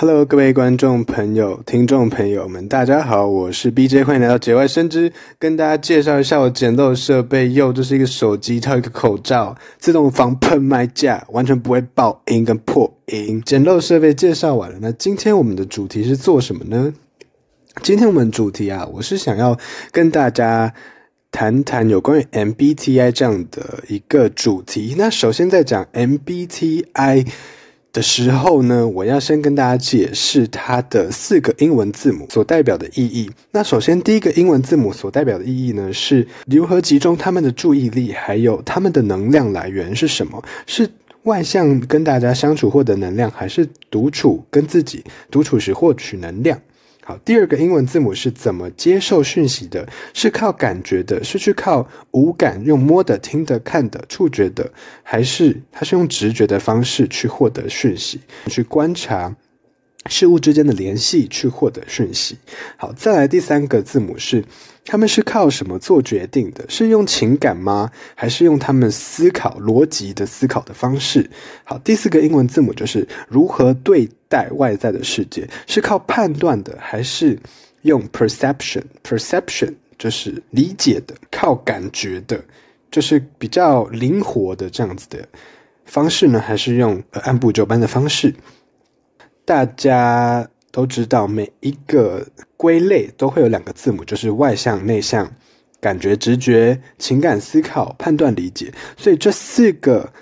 Hello，各位觀眾朋友、聽眾朋友們，大家好，我是 BJ，歡迎來到節外生枝，甚至跟大家介紹一下我簡陋的設備。又，這是一個手機，套一個口罩，自動防噴麥架，完全不會爆音跟破音。簡陋設備介紹完了，那今天我們的主題是做什麼呢？今天我們的主題啊，我是想要跟大家談談有關於 MBTI 這樣的一個主題。那首先在講 MBTI 的時候呢，我要先跟大家解釋它的四個英文字母所代表的意義。那首先，第一個英文字母所代表的意義呢，是如何集中他們的注意力，還有他們的能量來源是什麼？是外向跟大家相處獲得能量，還是獨處跟自己獨處時獲取能量？好，第二個英文字母是怎麼接受訊息的？是靠感覺的，是去靠五感，用摸的、聽的、看的、觸覺的，還是它是用直覺的方式去獲得訊息，去觀察？事物之間的聯繫去獲得訊息。好，再來第三個字母是，他們是靠什麼做決定的？是用情感嗎？還是用他們思考邏輯的思考的方式？好，第四個英文字母就是如何對待外在的世界，是靠判斷的，還是用 perception？perception perception 就是理解的，靠感覺的，就是比較靈活的這樣子的方式呢？還是用，呃，按部就班的方式？大家都知道，每一個歸類都會有兩個字母，就是外向、內向，感覺、直覺、情感、思考、判斷、理解，所以這四個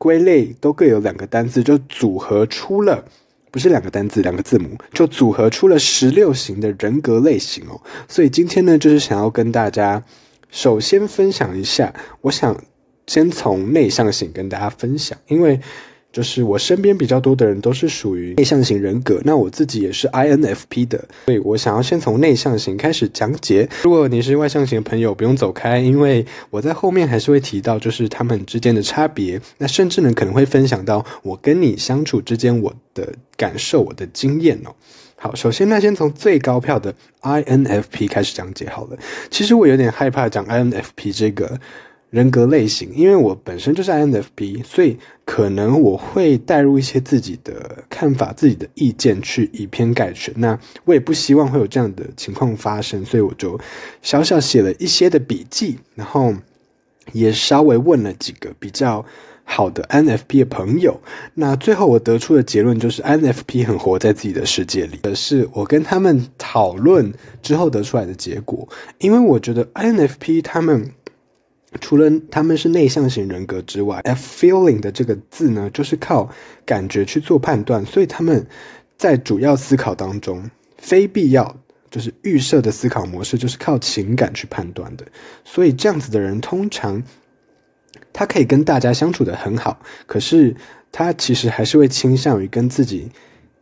歸類都各有兩個單字，就組合出了不是兩個單字，兩個字母就組合出了十六型的人格類型哦。所以今天呢，就是想要跟大家首先分享一下，我想先從內向型跟大家分享，因為。就是我身邊比較多的人都是屬於內向型人格，那我自己也是 INFP 的，所以我想要先從內向型開始講解。如果你是外向型的朋友，不用走開，因為我在後面還是會提到，就是他們之間的差別。那甚至呢，可能會分享到我跟你相處之間我的感受、我的經驗哦。好，首先呢，先從最高票的 INFP 開始講解好了。其實我有點害怕講 INFP 這個。人格類型，因為我本身就是 INFP 所以可能我會帶入一些自己的看法、自己的意見去以偏概全。那我也不希望會有這樣的情況發生，所以我就小小寫了一些的筆記，然後也稍微問了幾個比較好的 INFP 的朋友。那最後我得出的結論就是 INFP 很活在自己的世界裡，可是我跟他們討論之後得出來的結果。因為我覺得 INFP 他們。除了他們是內向型人格之外，F feeling 的這個字呢，就是靠感覺去做判斷，所以他們在主要思考當中，非必要就是預設的思考模式就是靠情感去判斷的，所以這樣子的人通常，他可以跟大家相處得很好，可是他其實還是會傾向於跟自己。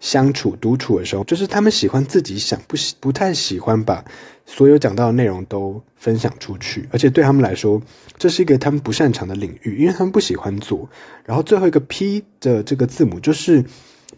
相處獨處的時候，就是他們喜歡自己想，不不太喜歡把所有講到的內容都分享出去，而且對他們來說，這是一個他們不擅長的領域，因為他們不喜歡做。然後最後一個 P 的這個字母就是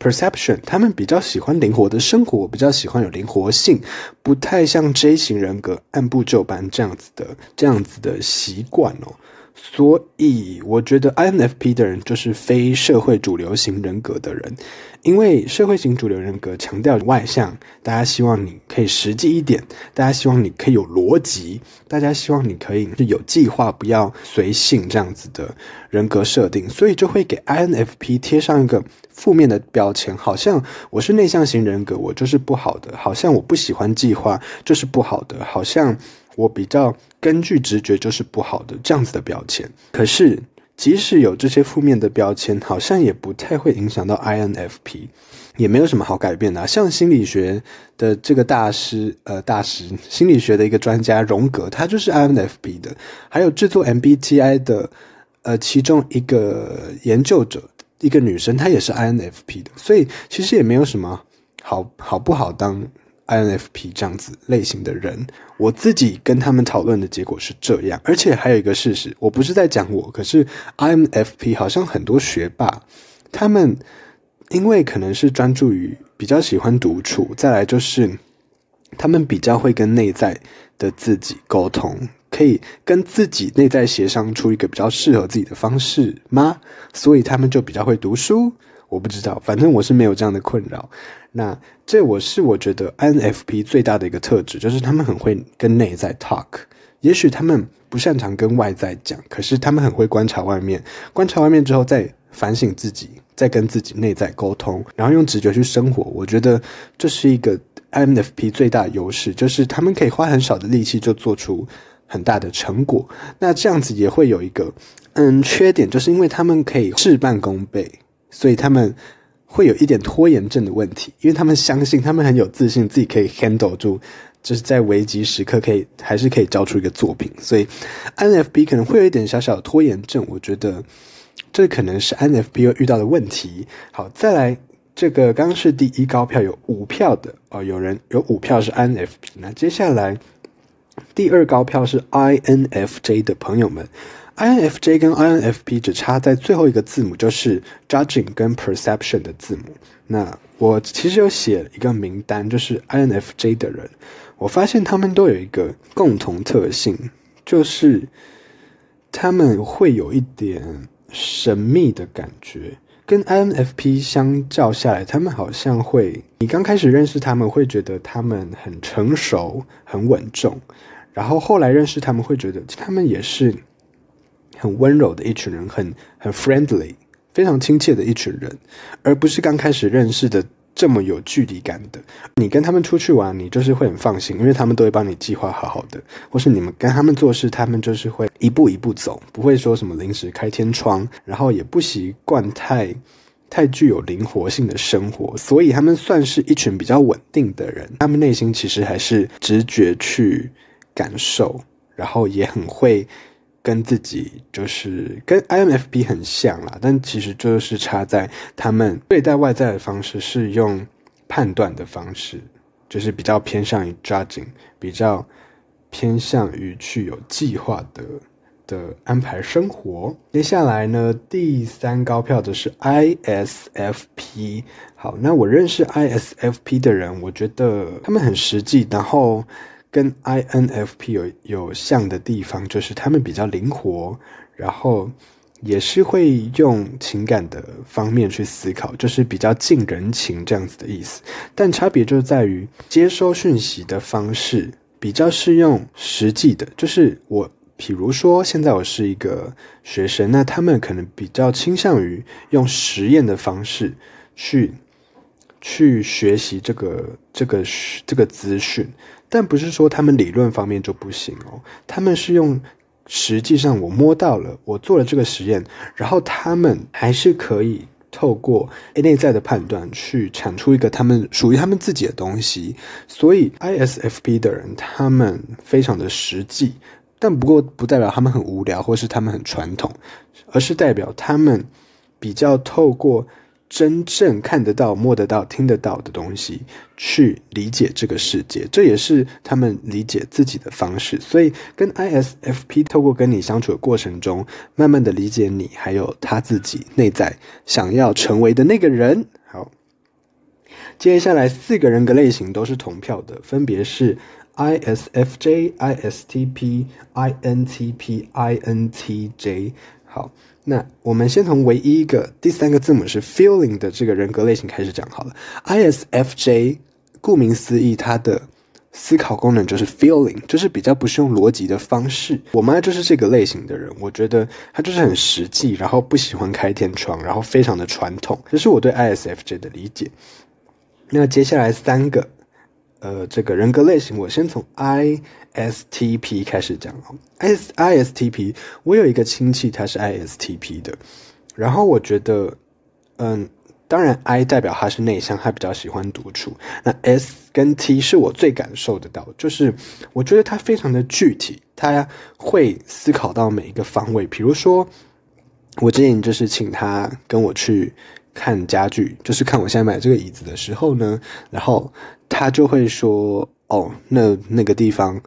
perception，他們比較喜歡靈活的生活，比較喜歡有靈活性，不太像 J 型人格按部就班這樣子的這樣子的習慣哦。所以我覺得 INFP 的人就是非社會主流型人格的人，因為社會型主流人格強調外向，大家希望你可以實際一點，大家希望你可以有邏輯，大家希望你可以有計劃，不要隨性這樣子的人格設定，所以就會給 INFP 貼上一個負面的標籤，好像我是內向型人格，我就是不好的，好像我不喜歡計劃，這、就是不好的，好像。我比較根據直覺，就是不好的這樣子的標籤。可是，即使有這些負面的標籤，好像也不太會影響到 INFP，也沒有什麼好改變的啊。像心理學的這個大師，呃，大師心理學的一個專家榮格，他就是 INFP 的。還有製作 MBTI 的，呃，其中一個研究者，一個女生，她也是 INFP 的。所以，其實也沒有什麼好好不好當。INFP 這樣子類型的人，我自己跟他們討論的結果是這樣，而且還有一個事實，我不是在講我，可是 INFP 好像很多學霸，他們因為可能是專注於比較喜歡獨處，再來就是他們比較會跟內在的自己溝通，可以跟自己內在協商出一個比較適合自己的方式嗎？所以他們就比較會讀書。我不知道，反正我是沒有這樣的困擾。那這我是我覺得 INFP 最大的一個特質，就是他們很會跟內在 talk。也許他們不擅長跟外在講，可是他們很會觀察外面，觀察外面之後再反省自己，再跟自己內在溝通，然後用直覺去生活。我覺得這是一個 INFP 最大優勢，就是他們可以花很少的力氣就做出很大的成果。那這樣子也會有一個嗯缺點，就是因為他們可以事半功倍。所以他們會有一點拖延症的問題，因為他們相信他們很有自信，自己可以 handle 住，就是在危急時刻可以還是可以交出一個作品。所以 INFP 可能會有一點小小的拖延症，我覺得這可能是 INFP 又遇到的問題。好，再來這個剛剛是第一高票有五票的哦，有人有五票是 INFP，那接下來第二高票是 INFJ 的朋友們。INFJ 跟 INFP 只差在最後一個字母，就是 Judging 跟 Perception 的字母。那我其實有寫一個名單，就是 INFJ 的人，我發現他們都有一個共同特性，就是他們會有一點神秘的感覺。跟 INFP 相較下來，他們好像會，你剛開始認識他們會覺得他們很成熟、很穩重，然後後來認識他們會覺得他們也是。很溫柔的一群人，很很 friendly，非常親切的一群人，而不是剛開始認識的這麼有距離感的。你跟他們出去玩，你就是會很放心，因為他們都會幫你計劃好好的，或是你們跟他們做事，他們就是會一步一步走，不會說什麼臨時開天窗，然後也不習慣太太具有靈活性的生活。所以他們算是一群比較穩定的人，他們內心其實還是直覺去感受，然後也很會。跟自己就是跟 INFP 很像啦，但其實就是差在他們對待外在的方式是用判斷的方式，就是比較偏向於抓緊，比較偏向於去有計劃的的安排生活。接下來呢，第三高票的是 ISFP。好，那我認識 ISFP 的人，我覺得他們很實際，然後。跟 INFP 有有像的地方，就是他們比較靈活，然後也是會用情感的方面去思考，就是比較近人情這樣子的意思。但差別就在於接收訊息的方式，比較是用實際的。就是我，譬如說，現在我是一個學生，那他們可能比較傾向於用實驗的方式去去學習這個這個這個資訊。但不是說他們理論方面就不行哦，他們是用實際上我摸到了，我做了這個實驗，然後他們還是可以透過、A、內在的判斷去產出一個他們屬於他們自己的東西。所以 ISFP 的人，他們非常的實際，但不過不代表他們很無聊或是他們很傳統，而是代表他們比較透過。真正看得到、摸得到、聽得到的東西，去理解這個世界，這也是他們理解自己的方式。所以，跟 ISFP 透過跟你相處的過程中，慢慢的理解你，還有他自己內在想要成為的那個人。好，接下來四個人格類型都是同票的，分別是 ISFJ、ISTP、INTP、INTJ。好，那我們先從唯一一個第三個字母是 Feeling 的這個人格類型開始講好了。ISFJ，顧名思義，它的思考功能就是 Feeling，就是比較不是用邏輯的方式。我媽就是這個類型的人，我覺得她就是很實際，然後不喜歡開天窗，然後非常的傳統，這是我對 ISFJ 的理解。那接下來三個。呃，這個人格類型，我先從 I S T P 開始講哦。IS, I S T P，我有一個親戚，他是 I S T P 的。然後我覺得，嗯，當然 I 代表他是內向，他比較喜歡獨處。那 S 跟 T 是我最感受得到，就是我覺得他非常的具體，他會思考到每一個方位。比如說，我之前就是請他跟我去。看家具，就是看我現在買這個椅子的時候呢，然後他就會說：“哦，那那個地方，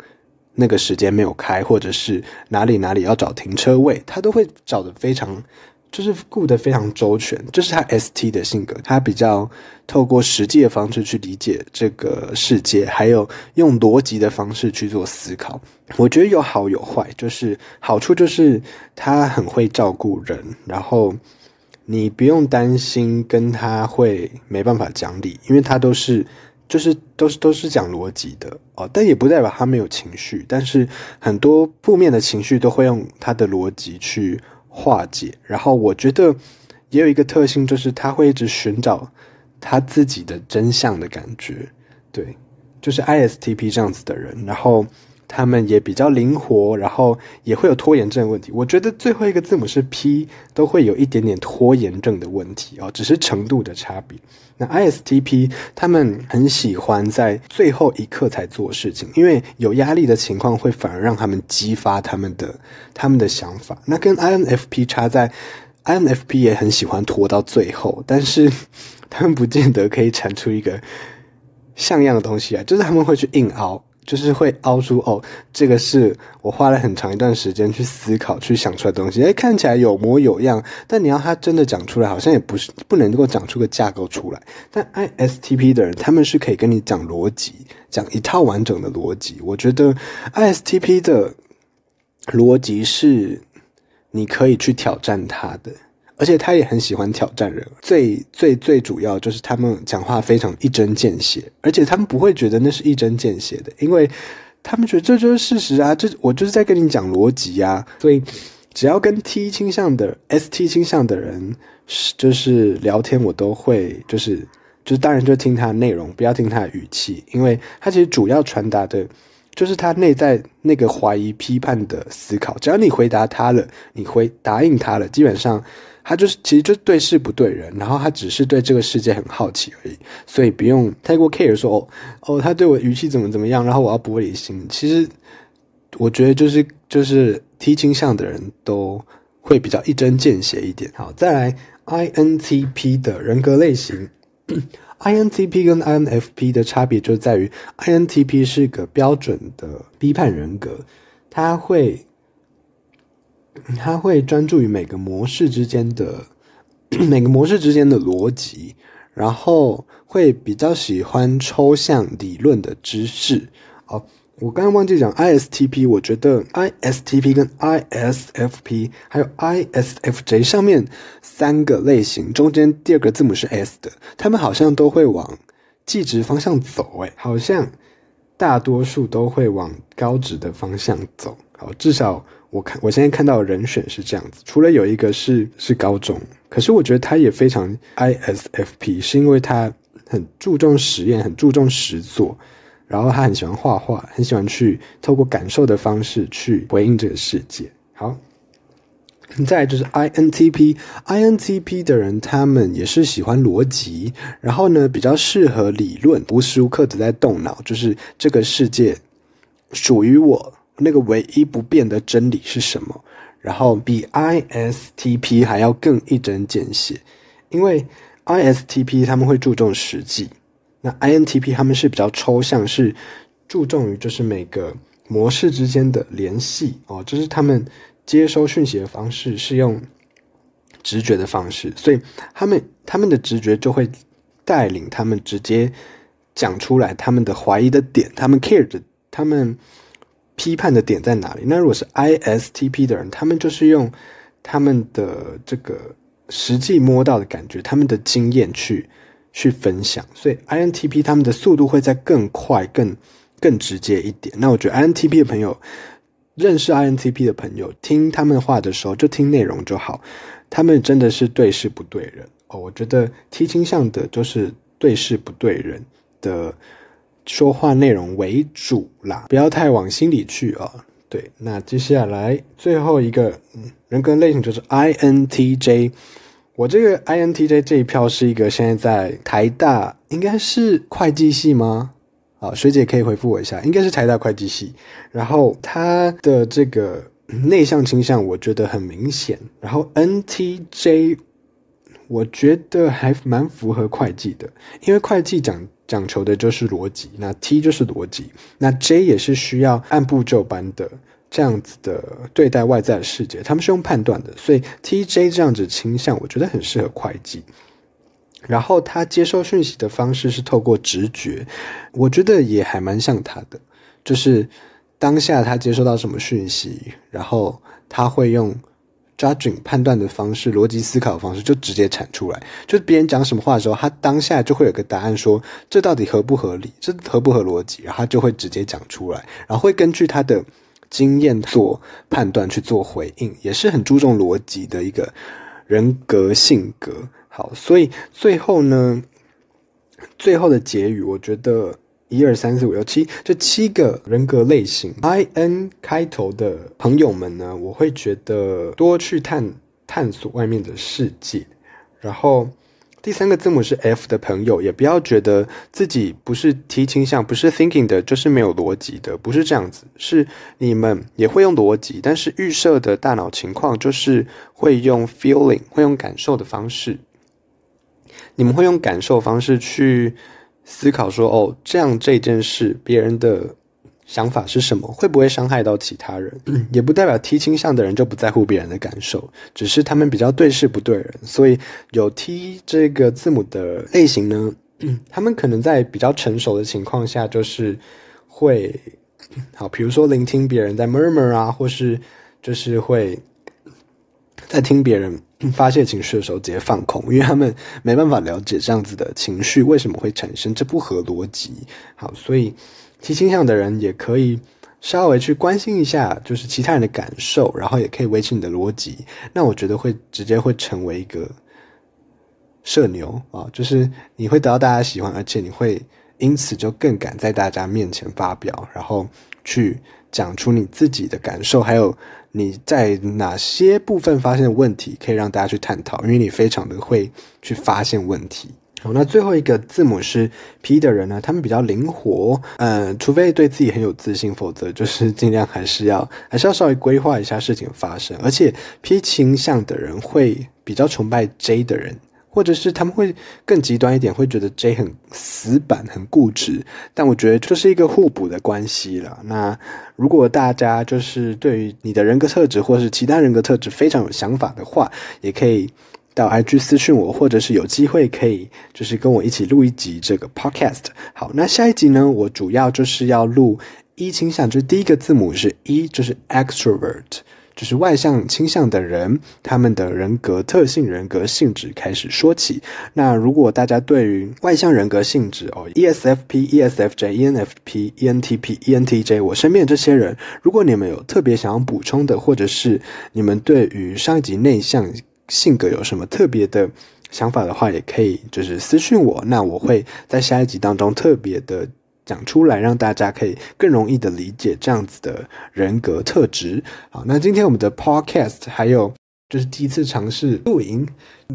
那個時間沒有開，或者是哪裡哪裡要找停車位，他都會找得非常，就是顧得非常周全。”就是他 ST 的性格，他比較透過實際的方式去理解這個世界，還有用邏輯的方式去做思考。我覺得有好有壞，就是好處就是他很會照顧人，然後。你不用擔心跟他會沒辦法講理，因為他都是就是都是都是講邏輯的哦，但也不代表他沒有情緒，但是很多負面的情緒都會用他的邏輯去化解。然後我覺得也有一個特性，就是他會一直尋找他自己的真相的感覺，對，就是 ISTP 這樣子的人，然後。他們也比較靈活，然後也會有拖延症問題。我覺得最後一個字母是 P，都會有一點點拖延症的問題哦，只是程度的差別。那 ISTP 他們很喜歡在最後一刻才做事情，因為有壓力的情況會反而讓他們激發他們的他們的想法。那跟 INFP 差在，INFP 也很喜歡拖到最後，但是他們不見得可以產出一個像樣的東西啊，就是他們會去硬凹。就是會凹出哦，這個是我花了很長一段時間去思考、去想出來的東西。哎，看起來有模有樣，但你要他真的講出來，好像也不是不能夠講出個架構出來。但 ISTP 的人，他們是可以跟你講邏輯，講一套完整的邏輯。我覺得 ISTP 的邏輯是你可以去挑戰他的。而且他也很喜歡挑戰人，最最最主要就是他們講話非常一針見血，而且他們不會覺得那是一針見血的，因為他們覺得這就是事實啊，這我就是在跟你講邏輯啊。所以只要跟 T 傾向的 ST 傾向的人就是聊天，我都會就是就是當然就聽他的內容，不要聽他的語氣，因為他其實主要傳達的，就是他內在那個懷疑批判的思考。只要你回答他了，你回答應他了，基本上。他就是，其實就是對事不對人，然後他只是對這個世界很好奇而已，所以不用太過 care 說。說哦哦，他對我語氣怎麼怎麼樣，然後我要玻璃心。其實我覺得就是就是 T 傾向的人都會比較一針見血一點。好，再來 INTP 的人格類型 ，INTP 跟 INFP 的差別就在於 INTP 是個標準的批判人格，他會。他會專注於每個模式之間的每個模式之間的邏輯，然後會比較喜歡抽象理論的知識。哦，我剛剛忘記講 ISTP，我覺得 ISTP 跟 ISFP 還有 ISFJ 上面三個類型中間第二個字母是 S 的，他們好像都會往 G 值方向走，哎，好像大多數都會往高值的方向走。好，至少。我看我現在看到人選是這樣子，除了有一個是是高中，可是我覺得他也非常 ISFP。是因為他很注重實驗，很注重實作，然後他很喜歡畫畫，很喜歡去透過感受的方式去回應這個世界。好，再來就是 INTP，INTP INTP 的人他們也是喜歡邏輯，然後呢比較適合理論，無時無刻的在動腦，就是這個世界屬於我。那個唯一不變的真理是什麼？然後比 ISTP 還要更一針見血，因為 ISTP 他們會注重實際，那 INTP 他們是比較抽象，是注重於就是每個模式之間的聯繫哦，就是他們接收訊息的方式是用直覺的方式，所以他們他們的直覺就會帶領他們直接講出來他們的懷疑的點，他們 care 的，他們，批判的點在哪裡？那如果是 ISTP 的人，他們就是用他們的這個實際摸到的感覺，他們的經驗去去分享。所以 INTP 他們的速度會再更快、更更直接一點。那我覺得 INTP 的朋友認識 INTP 的朋友，聽他們話的時候就聽內容就好。他們真的是對事不對人哦。我覺得 T 傾向的就是對事不對人的。說話內容為主啦，不要太往心裡去啊、哦。對，那接下來最後一個人格類型就是 INTJ。我這個 INTJ 這一票是一個現在在台大，應該是會計系嗎？啊，學姐可以回復我一下，應該是台大會計系。然後他的這個內向傾向，我覺得很明顯。然後 NTJ。我覺得還蠻符合會計的，因為會計講講求的就是邏輯，那 T 就是邏輯，那 J 也是需要按部就班的這樣子的對待外在的世界，他們是用判斷的，所以 TJ 這樣子傾向，我覺得很適合會計。然後他接收訊息的方式是透過直覺，我覺得也還蠻像他的，就是當下他接收到什麼訊息，然後他會用。Judging，判斷的方式、邏輯思考的方式，就直接產出來。就是別人講什麼話的時候，他當下就會有個答案說，說這到底合不合理，這合不合邏輯，然後他就會直接講出來，然後會根據他的經驗做判斷去做回應，也是很注重邏輯的一個人格性格。好，所以最後呢，最後的結語，我覺得。一二三四五六七，這七個人格類型，I N 開頭的朋友們呢，我會覺得多去探探索外面的世界。然後，第三個字母是 F 的朋友，也不要覺得自己不是 T 傾向，不是 Thinking 的就是沒有邏輯的，不是這樣子，是你們也會用邏輯，但是預設的大腦情況就是會用 Feeling，會用感受的方式，你們會用感受方式去。思考說哦，這樣，這件事別人的想法是什麼？會不會傷害到其他人？也不代表 T 傾向的人就不在乎別人的感受，只是他們比較對事不對人。所以有 T 這個字母的類型呢，他們可能在比較成熟的情況下，就是會，好，比如說聆聽別人在 murmur 啊，或是就是會。在聽別人發洩情緒的時候，直接放空，因為他們沒辦法了解這樣子的情緒為什麼會產生，這不合邏輯。好，所以 T 傾向的人也可以稍微去關心一下，就是其他人的感受，然後也可以維持你的邏輯。那我覺得會直接會成為一個社牛啊、哦，就是你會得到大家喜歡，而且你會因此就更敢在大家面前發表，然後去。講出你自己的感受，還有你在哪些部分發現的問題，可以讓大家去探討。因為你非常的會去發現問題。好、哦，那最後一個字母是 P 的人呢，他們比較靈活，嗯、呃，除非對自己很有自信，否則就是盡量還是要還是要稍微規劃一下事情發生。而且 P 傾向的人會比較崇拜 J 的人。或者是他們會更極端一點，會覺得 J 很死板、很固執。但我覺得這是一個互補的關係了。那如果大家就是對於你的人格特質，或是其他人格特質非常有想法的話，也可以到 IG 私訊我，或者是有機會可以就是跟我一起錄一集這個 Podcast。好，那下一集呢，我主要就是要錄 E 傾向，就第一個字母是 E，就是 Extrovert。就是外向傾向的人，他們的人格特性、人格性質開始說起。那如果大家對於外向人格性質，哦，ESFP、ESFJ、ENFP、ENTP、ENTJ，我身邊這些人，如果你們有特別想要補充的，或者是你們對於上一集內向性格有什麼特別的想法的話，也可以就是私訊我。那我會在下一集當中特別的。講出來，讓大家可以更容易的理解這樣子的人格特質。好，那今天我們的 podcast 還有就是第一次嘗試露營，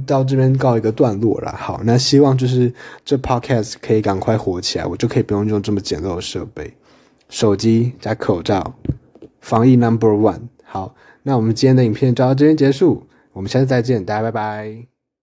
到這邊告一個段落啦。好，那希望就是這 podcast 可以趕快火起來，我就可以不用用這麼簡陋的設備，手機加口罩，防疫 number one。好，那我們今天的影片就到這邊結束，我們下次再見，大家拜拜。